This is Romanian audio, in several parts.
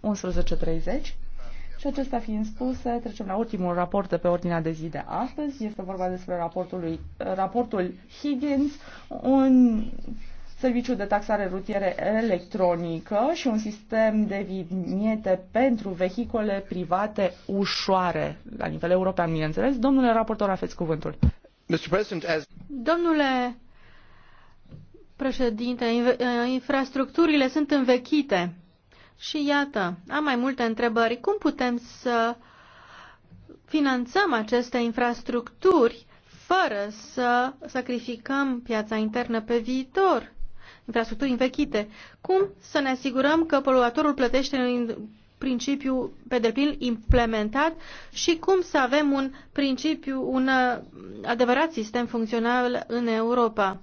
11.30. Și acestea fiind spuse, trecem la ultimul raport de pe ordinea de zi de astăzi. Este vorba despre raportul, lui, raportul Higgins, un serviciu de taxare rutiere electronică și un sistem de viniete pentru vehicole private ușoare, la nivel european, bineînțeles. Domnule raportor, aveți cuvântul. Domnule președinte, infrastructurile sunt învechite și iată, am mai multe întrebări. Cum putem să finanțăm aceste infrastructuri fără să sacrificăm piața internă pe viitor? Infrastructuri învechite. Cum să ne asigurăm că poluatorul plătește în principiu pe deplin implementat și cum să avem un principiu, un uh, adevărat sistem funcțional în Europa?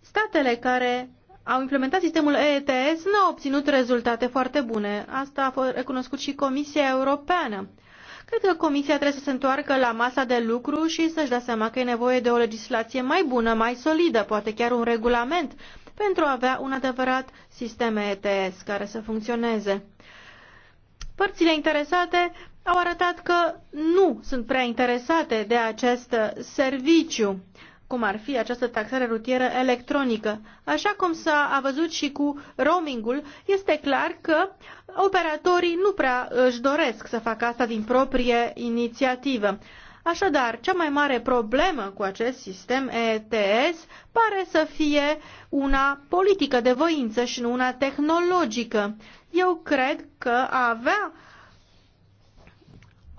Statele care au implementat sistemul ETS, nu au obținut rezultate foarte bune. Asta a fost recunoscut și Comisia Europeană. Cred că Comisia trebuie să se întoarcă la masa de lucru și să-și dea seama că e nevoie de o legislație mai bună, mai solidă, poate chiar un regulament, pentru a avea un adevărat sistem ETS care să funcționeze. Părțile interesate au arătat că nu sunt prea interesate de acest serviciu cum ar fi această taxare rutieră electronică. Așa cum s-a văzut și cu roamingul, este clar că operatorii nu prea își doresc să facă asta din proprie inițiativă. Așadar, cea mai mare problemă cu acest sistem ETS pare să fie una politică de voință și nu una tehnologică. Eu cred că a avea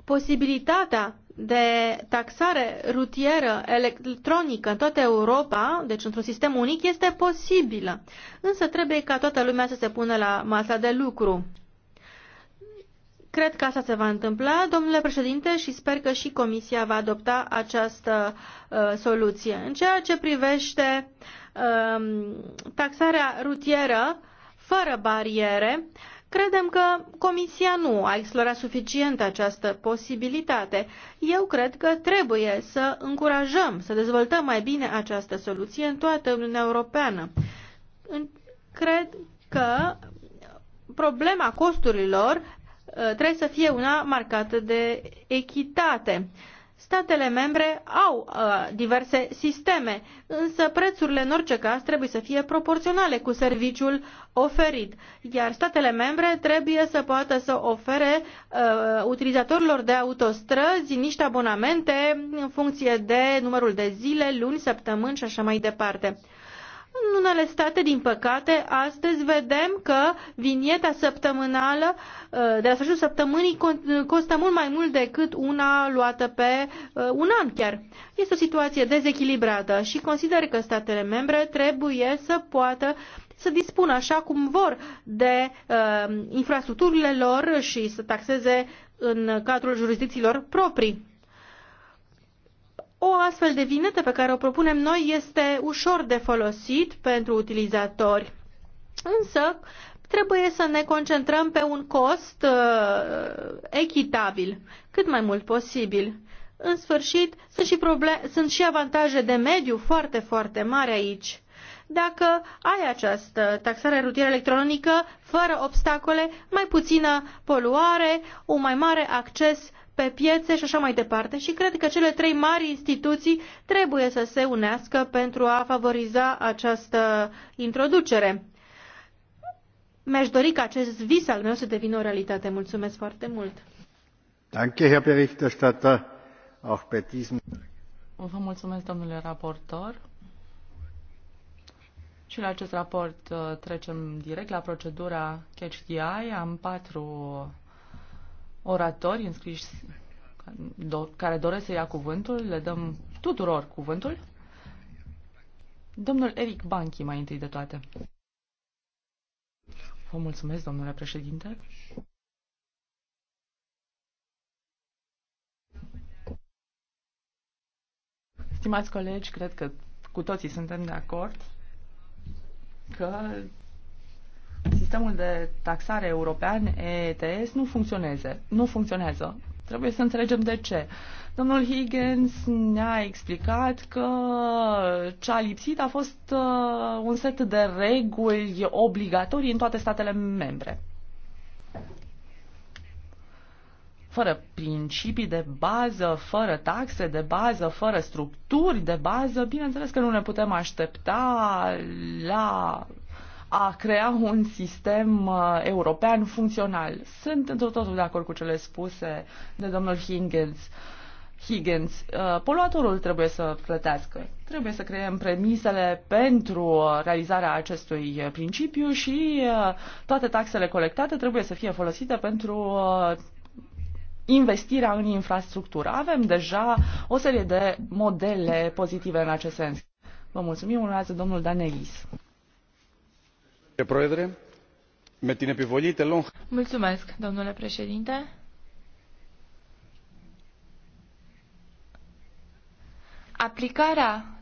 posibilitatea de taxare rutieră electronică în toată Europa, deci într-un sistem unic, este posibilă. Însă trebuie ca toată lumea să se pună la masa de lucru. Cred că asta se va întâmpla, domnule președinte, și sper că și Comisia va adopta această uh, soluție. În ceea ce privește uh, taxarea rutieră fără bariere, uh, Credem că Comisia nu a explorat suficient această posibilitate. Eu cred că trebuie să încurajăm, să dezvoltăm mai bine această soluție în toată Uniunea Europeană. Cred că problema costurilor uh, trebuie să fie una marcată de echitate. Statele membre au uh, diverse sisteme, însă prețurile în orice caz trebuie să fie proporționale cu serviciul oferit, iar statele membre trebuie să poată să ofere uh, utilizatorilor de autostrăzi niște abonamente în funcție de numărul de zile, luni, săptămâni și așa mai departe. În unele state, din păcate, astăzi vedem că vinieta săptămânală uh, de la sfârșitul săptămânii uh, costă mult mai mult decât una luată pe uh, un an chiar. Este o situație dezechilibrată și consider că statele membre trebuie să poată să dispună așa cum vor de infrastructurile lor și să taxeze în cadrul jurisdicțiilor proprii astfel de vinetă pe care o propunem noi este ușor de folosit pentru utilizatori. Însă, trebuie să ne concentrăm pe un cost uh, echitabil, cât mai mult posibil. În sfârșit, sunt și, probleme, sunt și avantaje de mediu foarte, foarte mari aici. Dacă ai această taxare rutieră electronică, fără obstacole, mai puțină poluare, un mai mare acces pe piețe și așa mai departe și cred că cele trei mari instituții trebuie să se unească pentru a favoriza această introducere. Mi-aș dori ca acest vis al meu să devină o realitate. Mulțumesc foarte mult! Danke, Herr Berichterstatter. Auch bei diesem... Vă mulțumesc, domnule raportor. Și la acest raport uh, trecem direct la procedura Catch the Eye. Am patru oratori înscriși do- care doresc să ia cuvântul, le dăm tuturor cuvântul. Domnul Eric Banchi, mai întâi de toate. Vă mulțumesc, domnule președinte. Stimați colegi, cred că cu toții suntem de acord că sistemul de taxare european ETS nu funcționează, nu funcționează. Trebuie să înțelegem de ce. Domnul Higgins ne-a explicat că ce a lipsit a fost uh, un set de reguli obligatorii în toate statele membre. Fără principii de bază, fără taxe de bază, fără structuri de bază, bineînțeles că nu ne putem aștepta la a crea un sistem uh, european funcțional. Sunt într totul de acord cu cele spuse de domnul Higgins. Higgins, uh, poluatorul trebuie să plătească. Trebuie să creăm premisele pentru uh, realizarea acestui uh, principiu și uh, toate taxele colectate trebuie să fie folosite pentru uh, investirea în infrastructură. Avem deja o serie de modele pozitive în acest sens. Vă mulțumim, urmează domnul Danelis. Mulțumesc, domnule președinte. Aplicarea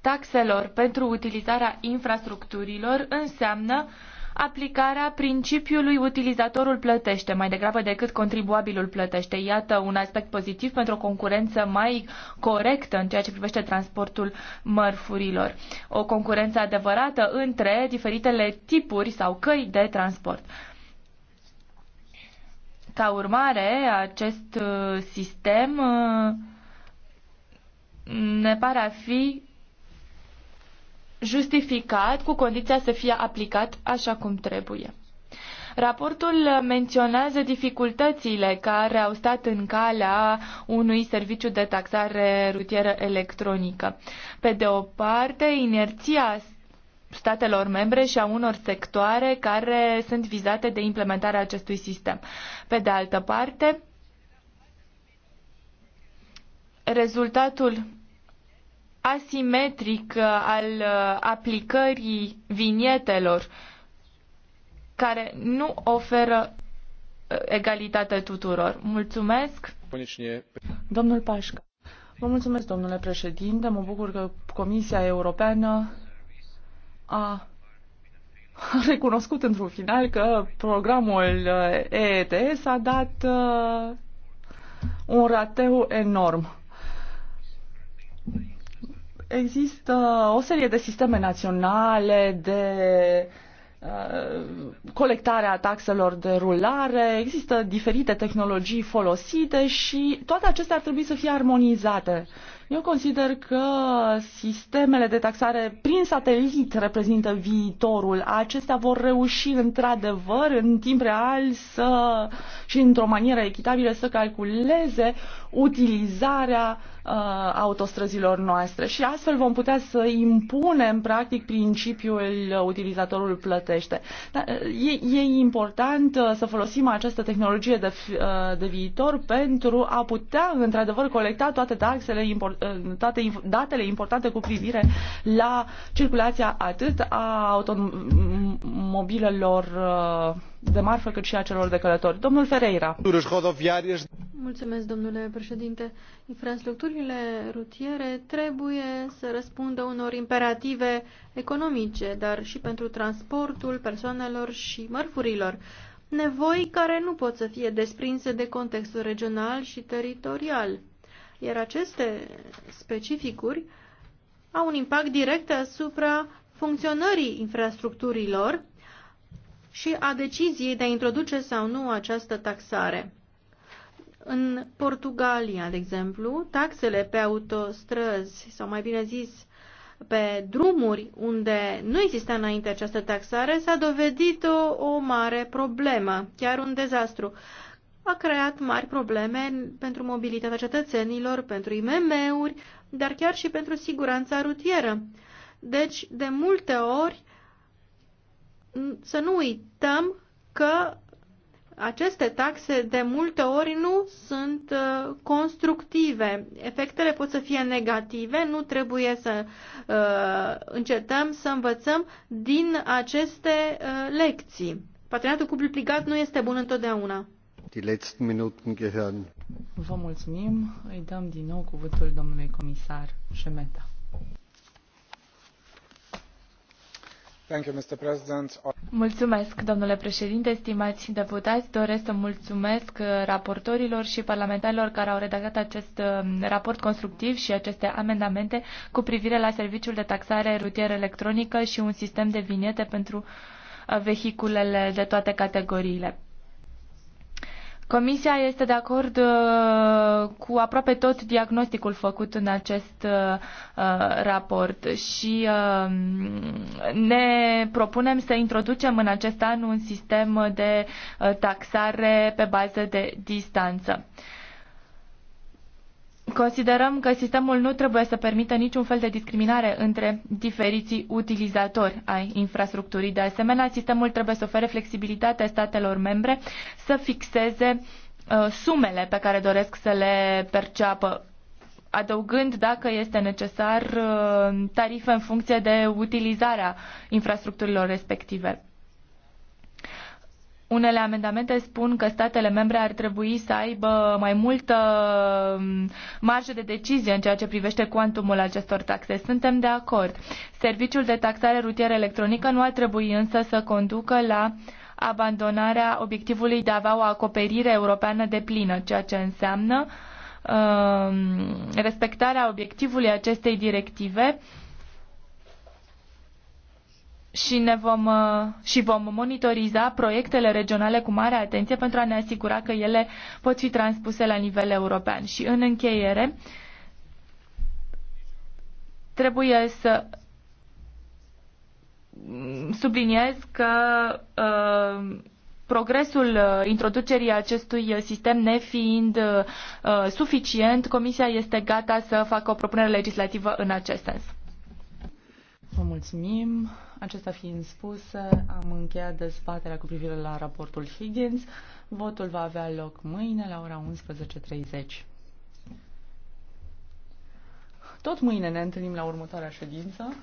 taxelor pentru utilizarea infrastructurilor înseamnă aplicarea principiului utilizatorul plătește mai degrabă decât contribuabilul plătește. Iată un aspect pozitiv pentru o concurență mai corectă în ceea ce privește transportul mărfurilor. O concurență adevărată între diferitele tipuri sau căi de transport. Ca urmare, acest uh, sistem uh, ne pare a fi justificat cu condiția să fie aplicat așa cum trebuie. Raportul menționează dificultățile care au stat în calea unui serviciu de taxare rutieră electronică. Pe de o parte, inerția statelor membre și a unor sectoare care sunt vizate de implementarea acestui sistem. Pe de altă parte, rezultatul asimetric uh, al uh, aplicării vinietelor care nu oferă uh, egalitate tuturor. Mulțumesc! Domnul Pașca. Vă mulțumesc, domnule președinte. Mă bucur că Comisia Europeană a recunoscut într-un final că programul EETS a dat un rateu enorm. Există o serie de sisteme naționale, de Uh, colectarea taxelor de rulare, există diferite tehnologii folosite și toate acestea ar trebui să fie armonizate. Eu consider că sistemele de taxare prin satelit reprezintă viitorul. Acestea vor reuși într-adevăr în timp real să și într-o manieră echitabilă să calculeze utilizarea uh, autostrăzilor noastre și astfel vom putea să impunem practic principiul utilizatorul plătește plătește. Dar e, e important uh, să folosim această tehnologie de, uh, de viitor pentru a putea, într-adevăr, colecta toate, taxele, uh, toate datele importante cu privire la circulația atât a automobilelor de marfă cât și a celor de călători. Domnul Ferreira. Mulțumesc, domnule președinte. Infrastructurile rutiere trebuie să răspundă unor imperative economice, dar și pentru transportul persoanelor și mărfurilor. Nevoi care nu pot să fie desprinse de contextul regional și teritorial. Iar aceste specificuri au un impact direct asupra funcționării infrastructurilor și a deciziei de a introduce sau nu această taxare. În Portugalia, de exemplu, taxele pe autostrăzi, sau mai bine zis, pe drumuri unde nu exista înainte această taxare, s-a dovedit o, o mare problemă, chiar un dezastru. A creat mari probleme pentru mobilitatea cetățenilor, pentru IMM-uri, dar chiar și pentru siguranța rutieră. Deci, de multe ori, să nu uităm că aceste taxe de multe ori nu sunt uh, constructive. Efectele pot să fie negative, nu trebuie să uh, încetăm să învățăm din aceste uh, lecții. Patronatul public privat nu este bun întotdeauna. Die letzten Minuten gehören. Vă mulțumim. Îi dăm din nou cuvântul domnului comisar Șemeta. Mulțumesc, domnule președinte, stimați deputați. Doresc să mulțumesc uh, raportorilor și parlamentarilor care au redactat acest uh, raport constructiv și aceste amendamente cu privire la serviciul de taxare rutieră electronică și un sistem de vinete pentru uh, vehiculele de toate categoriile. Comisia este de acord uh, cu aproape tot diagnosticul făcut în acest uh, uh, raport și ne propunem să introducem în acest an un sistem de taxare pe bază de distanță. Considerăm că sistemul nu trebuie să permită niciun fel de discriminare între diferiții utilizatori ai infrastructurii. De asemenea, sistemul trebuie să ofere flexibilitate statelor membre să fixeze uh, sumele pe care doresc să le perceapă, adăugând, dacă este necesar, uh, tarife în funcție de utilizarea infrastructurilor respective. Unele amendamente spun că statele membre ar trebui să aibă mai multă mm, marjă de decizie în ceea ce privește cuantumul acestor taxe. Suntem de acord. Serviciul de taxare rutieră electronică nu ar trebui însă să conducă la abandonarea obiectivului de a avea o acoperire europeană de plină, ceea ce înseamnă mm, respectarea obiectivului acestei directive uh, și, ne vom, uh, și vom monitoriza proiectele regionale cu mare atenție pentru a ne asigura că ele pot fi transpuse la nivel european. Și în încheiere, trebuie să mm, subliniez că uh, progresul uh, introducerii acestui sistem nefiind uh, suficient, Comisia este gata să facă o propunere legislativă în acest sens. Vă mulțumim. Acesta fiind spus, am încheiat dezbaterea cu privire la raportul Higgins. Votul va avea loc mâine la ora 11.30. Tot mâine ne întâlnim la următoarea ședință.